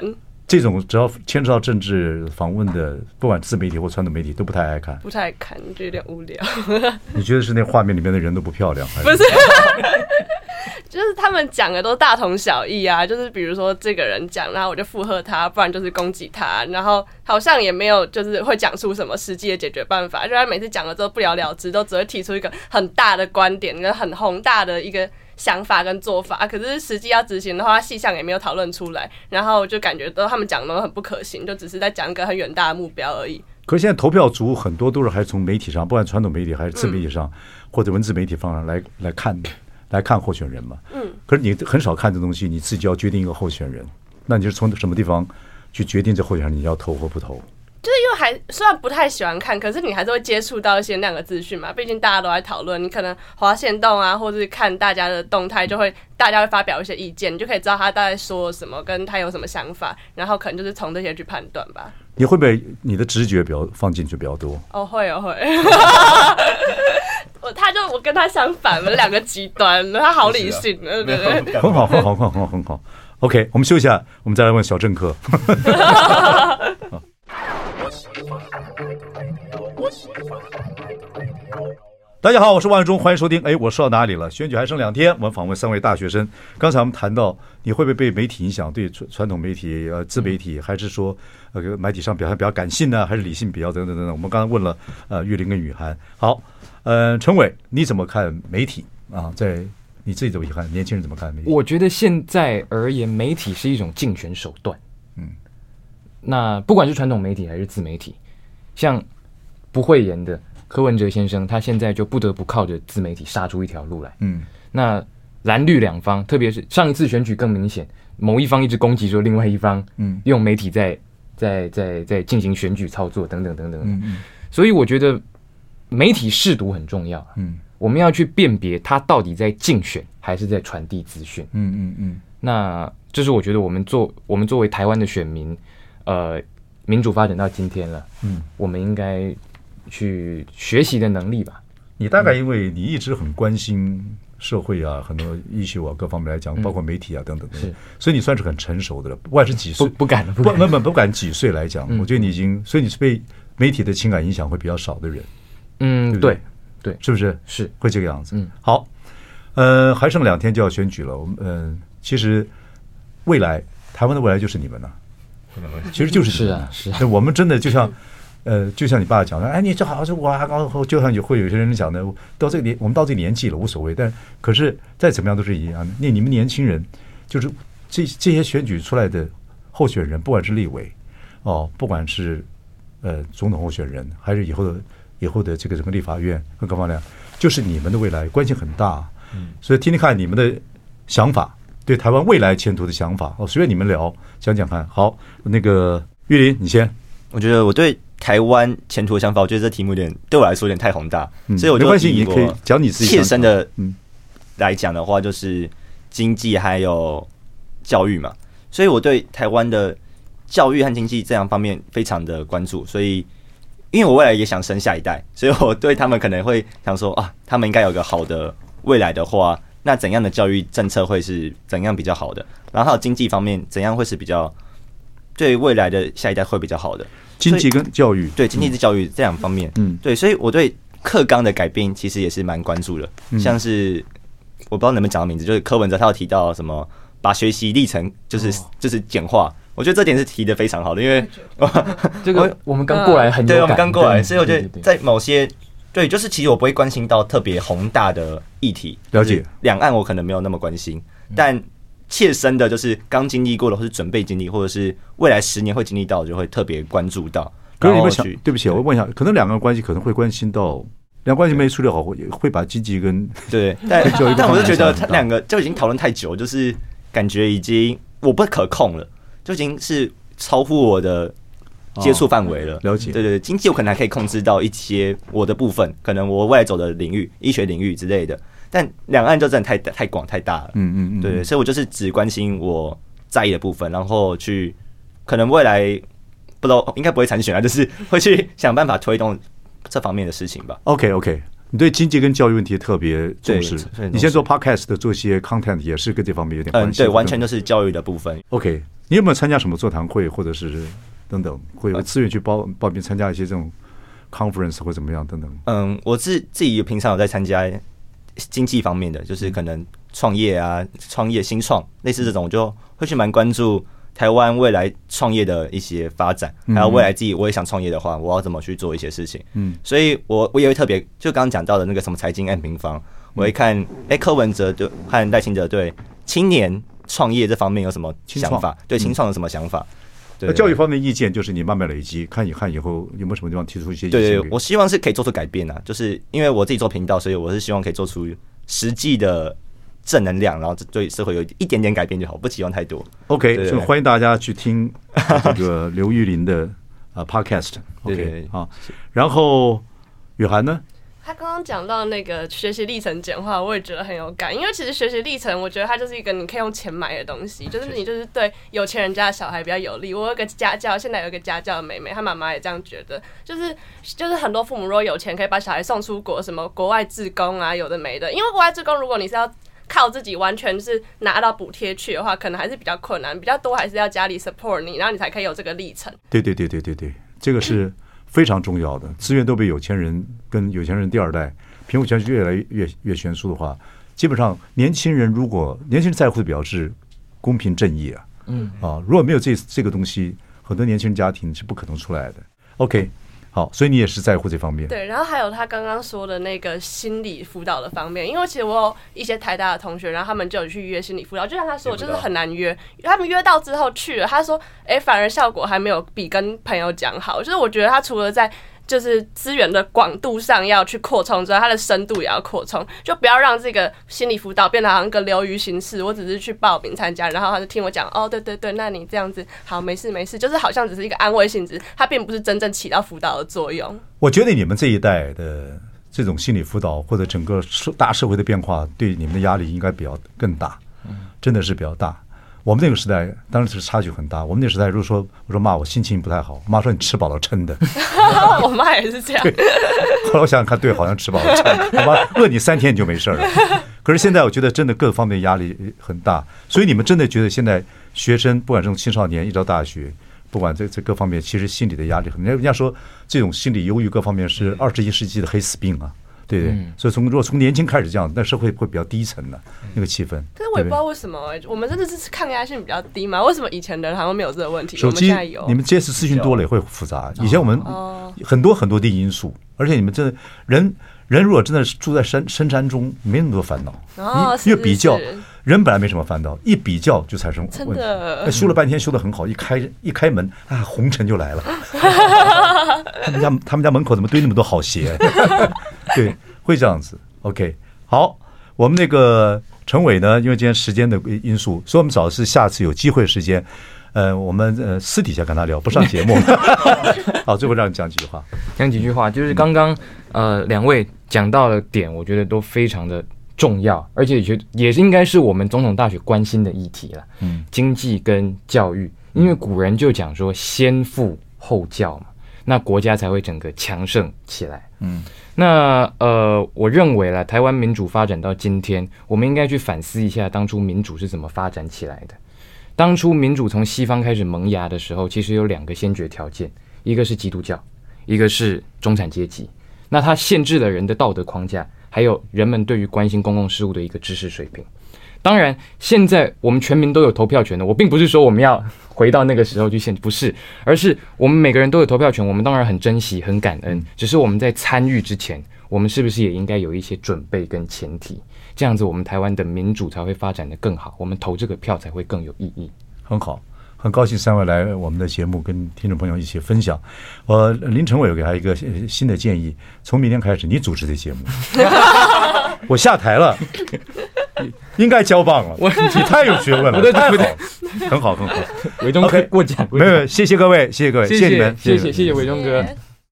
Speaker 1: 這種只要牽扯到政治訪問的，不管自媒體或傳統媒體都不太愛看。
Speaker 3: 不太看，覺得有點無聊。
Speaker 1: 你覺得是那畫面裡面的人都不漂亮，
Speaker 3: 還是？ 不是， 就是他們講的都大同小異啊。就是比如說這個人講，然後我就附和他，不然就是攻擊他。然後好像也沒有，就是會講出什麼實際的解決辦法。就他每次講了之後不了了之，都只會提出一個很大的觀點，一個很宏大的一個。想法跟做法，可是實際要執行的話，他細項也沒有討論出來，然後就感覺到他們講的很不可行，就只是在講一個很遠大的目標而已。
Speaker 1: 可是現在投票族很多都是還是從媒體上，不管傳統媒體還是自媒體上、嗯、或者文字媒體上來來看來看候選人嘛。嗯，可是你很少看這東西，你自己要決定一個候選人，那你是從什麼地方去決定這候選人你要投或不投？
Speaker 3: 就是因為還雖然不太喜歡看，可是你還是會接觸到一些那個資訊嘛。畢竟大家都在討論，你可能滑線動啊，或者是看大家的動態，就會大家會發表一些意見，你就可以知道他大概說什麼，跟他有什麼想法，然後可能就是從這些去判斷吧。
Speaker 1: 你會不會你的直覺比較放進去比較多？
Speaker 3: 哦、oh，會啊會。我 他就我跟他相反了，兩個極端。他好理性，很 對對 好很好
Speaker 1: 很好很好很好，好，好，好。OK，我們休息一下，我們再來問小政客。 大家好，我是偉忠，歡迎收聽。哎，我說到哪裡了？選舉還剩兩天，我們訪問三位大學生。剛才我們談到，你會不會被媒體影響？對傳傳統媒體、呃自媒體，還是說，呃媒體上表現比較感性呢，還是理性比較？等等等等。我們剛才問了，呃，昱麟跟宇涵。好，呃，宸緯，你怎麼看媒體啊？在你自己怎麼遺憾？年輕人怎麼看
Speaker 4: 媒體？我覺得現在而言，媒體是一種競選手段。嗯。那不管是傳統媒體還是自媒體，像不會言的柯文哲先生，他現在就不得不靠着自媒體殺出一條路來。嗯，那藍綠兩方，特別是上一次選舉更明顯，某一方一直攻擊着另外一方，嗯，用媒體在、嗯、在在在進行選舉操作等等等等。嗯嗯所以我覺得媒體識讀很重要、啊。嗯，我們要去辨別他到底在競選還是在傳遞資訊。嗯嗯嗯。那這是我覺得我們做我們作為台灣的選民。呃，民主發展到今天了，嗯，我們應該去學習的能力吧。
Speaker 1: 你大概因為你一直很關心社會啊，嗯、很多藝術啊，各方面來講，包括媒體啊、嗯、等等的，是，所以你算是很成熟的了。不管是幾歲，嗯、不，不敢了，不敢了，不管，不敢幾歲來講、嗯，我覺得你已經，所以你是被媒體的情感影響會比較少的人。嗯，對對，對，是不是？是，會這個樣子？嗯，好，呃，還剩兩天就要選舉了，我們嗯，其實未來台灣的未來就是你們了。其實就是，是啊，是啊、嗯、我們真的就像，呃，就像你爸爸講的，哎，你這好像是我，然後就像有會有些人講的，到這個年，我們到這個年紀了無所謂，但可是再怎麼樣都是一樣、啊、的。那你們年輕人，就是這這些選舉出來的候選人，不管是立委，哦，不管是呃總統候選人，還是以後的以後的這個什麼立法院和各方面，就是你們的未來關係很大。嗯，所以聽聽看你們的想法。
Speaker 2: 對台灣未來前途的想法，哦，隨便你們聊，講講看。好，那個昱麟，你先。我覺得我對台灣前途的想法，我覺得這題目有點對我來說有點太宏大，嗯、所以我得，你可以講你自己切身的。嗯，來講的話就是經濟還有教育嘛，嗯、所以我對台灣的教育和經濟這兩方面非常的關注。所以，因為我未來也想生下一代，所以我對他們可能會想說啊，他們應該有個好的未來的話。那怎樣的教育政策會是怎樣比較好的？然後還有經濟方面，怎樣會是比較對未來的下一代會比較好的？經濟跟教育，對經濟跟教育這兩方面，嗯，對。所以我對課綱的改變其實也是蠻關注的。嗯、像是我不知道能不能講到名字，就是柯文哲他有提到什麼，把學習歷程就是、哦、就是簡化，我覺得這點是提得非常好的。因為、啊、 這個
Speaker 4: 我們剛過來很對，我們剛過來，
Speaker 2: 所以我覺得在某些。對，就是其實我不會關心到特別宏大的議題，了解，兩岸我可能沒有那麼關心，嗯、但切身的，就是剛經歷過的，或是準備經歷，或者是未來十年會經歷到，就會特別關注到。可是
Speaker 1: 對不起，我問一下，可能兩個人關係可能會關心到，兩個關係沒處理好會會把積極跟
Speaker 2: 對， 對 但 但我就覺得他兩個就已經討論太久，就是感覺已經我不可控了，就已經是超乎我的。接觸範圍了。哦，了解。對對對，經濟有可能還可以控制到一些我的部分，可能我未來走的領域，醫學領域之類的。但兩岸就真的太太廣太大了。嗯嗯嗯。對、對，所以我就是只關心我在意的部分，然後去可能未來不知道應該不會參選啊，就是會去想辦法推動這方面的事情吧。
Speaker 1: OK OK，你對經濟跟教育問題特別重視，你先做 Podcast 做些 Content 也是跟這方面有點關係。嗯、對，完全
Speaker 2: 都是教育的部分。
Speaker 1: OK，你有沒有參加什麼座談會或者是？等等，會有資源去報報名參加一些這種 conference 或怎麼樣等等。嗯，
Speaker 2: 我自己自己平常有在參加經濟方面的，就是可能創業啊、創、嗯、業新創類似這種，就會去蠻關注台灣未來創業的一些發展。嗯嗯，還有未來自己我也想創業的話，我要怎麼去做一些事情。嗯，所以我我也會特別就剛剛講到的那個什麼財經 M 平方，嗯、我會看哎、嗯、柯文哲對和賴清德對青年創業這方面有什麼想法？新對新創有什麼想法？嗯嗯那教育方面意見就是你慢慢累積，看宇涵以後有沒有什麼地方提出一些意見。對對、對，我希望是可以做出改變啊，就是因為我自己做頻道，所以我是希望可以做出實際的正能量，然後對社會有一點點改變就好，不期望太多。啊、OK，對對對，所以歡
Speaker 1: 迎大家去聽這個劉昱麟的呃 Podcast。 OK，好、 啊，然後宇涵呢？
Speaker 3: 他剛剛講到那個學習歷程簡化，我也覺得很有感。因為其實學習歷程，我覺得它就是一個你可以用錢買的東西，就是你就是對有錢人家的小孩比較有利。我有個家教，現在有一個家教的妹妹，她媽媽也這樣覺得，就是就是很多父母如果有錢，可以把小孩送出國，什麼國外志工啊，有的沒的。因為國外志工，如果你是要靠自己，完全就是拿到補貼去的話，可能還是比較困難，比較多還是要家裡 support 你，然後你才可以有這個歷程。
Speaker 1: 對對對對對對，這個是。 非常重要的資源都被有錢人跟有錢人第二代，貧富懸殊越來越越越懸殊的話，基本上年輕人如果年輕人在乎的表示公平正義啊，嗯啊，如果沒有這這個東西，很多年輕人家庭是不可能出來的。OK。好，所以你也是在乎這方面。
Speaker 3: 對，然後還有他剛剛說的那個心理輔導的方面，因為其實我有一些台大的同學，然後他們就有去約心理輔導，就像他說，就是很難約。他們約到之後去了，他說，誒，反而效果還沒有比跟朋友講好。就是我覺得他除了在。就是資源的廣度上要去擴充之外，知它的深度也要擴充，就不要讓這個心理輔導變得好像一個流於形式。我只是去報名參加，然後他就聽我講，哦，對對對，那你這樣子好，沒事沒事，就是好像只是一個安慰性質，它並不是真正起到輔導的作用。
Speaker 1: 我覺得你們這一代的這種心理輔導，或者整個社大社會的變化，對你們的壓力應該比較更大，真的是比較大。我們那個時代，當時是差距很大。我們那個時代，如果說我說媽，我心情不太好，媽說你吃飽了撐的。
Speaker 3: 我媽也是這樣。
Speaker 1: 後來我想想看，對，好像吃飽了撐的。我媽餓你三天你就沒事了。可是現在我覺得真的各方面壓力很大，所以你們真的覺得現在學生，不管是從青少年一直到大學，不管在這，這各方面，其實心理的壓力很。人家說這種心理憂鬱各方面是二十一世紀的黑死病啊。對對，所以從如果從年輕開始這樣，那社會會比較低沉的那個氣氛。對對，但是我也不知道
Speaker 3: 為什麼，我們真的是抗壓性比較低嘛？為什麼以前的人好像沒有這個問題？手機你們
Speaker 1: 這次資訊多了也會複雜。以前我們很多很多的因素，哦、而且你們真的人，人如果真的是住在深深山中，沒那麼多煩惱，哦、你越比較。是是是人本來沒什麼煩惱，一比較就產生問題呃，修、嗯哎、了半天，修得很好，一開一開門啊、哎，紅塵就來
Speaker 3: 了。 他們
Speaker 1: 家他們家門口怎麼堆那麼多好鞋？ 對，會這樣子。OK，好，我們那個宸緯呢，因為今天時間的因素，所以我們找的是下次有機會時間，呃，我們呃私底下跟他聊，不上節目。
Speaker 4: 好，最後讓你講幾句話，講幾句話，就是剛剛呃兩位講到的點，我覺得都非常的。重要，而且也覺得也是應該是我們總統大學關心的議題了。嗯，經濟跟教育，因為古人就講說先富後教嘛，那國家才會整個強盛起來。嗯，那呃，我認為啦，台灣民主發展到今天，我們應該去反思一下當初民主是怎麼發展起來的。當初民主從西方開始萌芽的時候，其實有兩個先決條件，一個是基督教，一個是中產階級。那它限制了人的道德框架。還有人們對於關心公共事務的一個知識水平。當然，現在我們全民都有投票權的。我並不是說我們要回到那個時候去選，不是，而是我們每個人都有投票權。我們當然很珍惜、很感恩、嗯。只是我們在參與之前，我們是不是也應該有一些準備跟前提？這樣子，我們台灣的民主才會發展得更好，我們投這個票才會更有意義。
Speaker 1: 很好。很高興三位來我們的節目，跟聽眾朋友一起分享。我林宸緯有給他一個新的建議：從明天開始，你主持的節目 我下台了，應該交棒了。我你太有學問了， 不對太 不對，很好很好。偉忠哥過獎，沒，沒有，謝謝各位，謝謝各位，謝謝，謝，謝謝你們，謝謝謝謝
Speaker 4: 偉忠哥、嗯。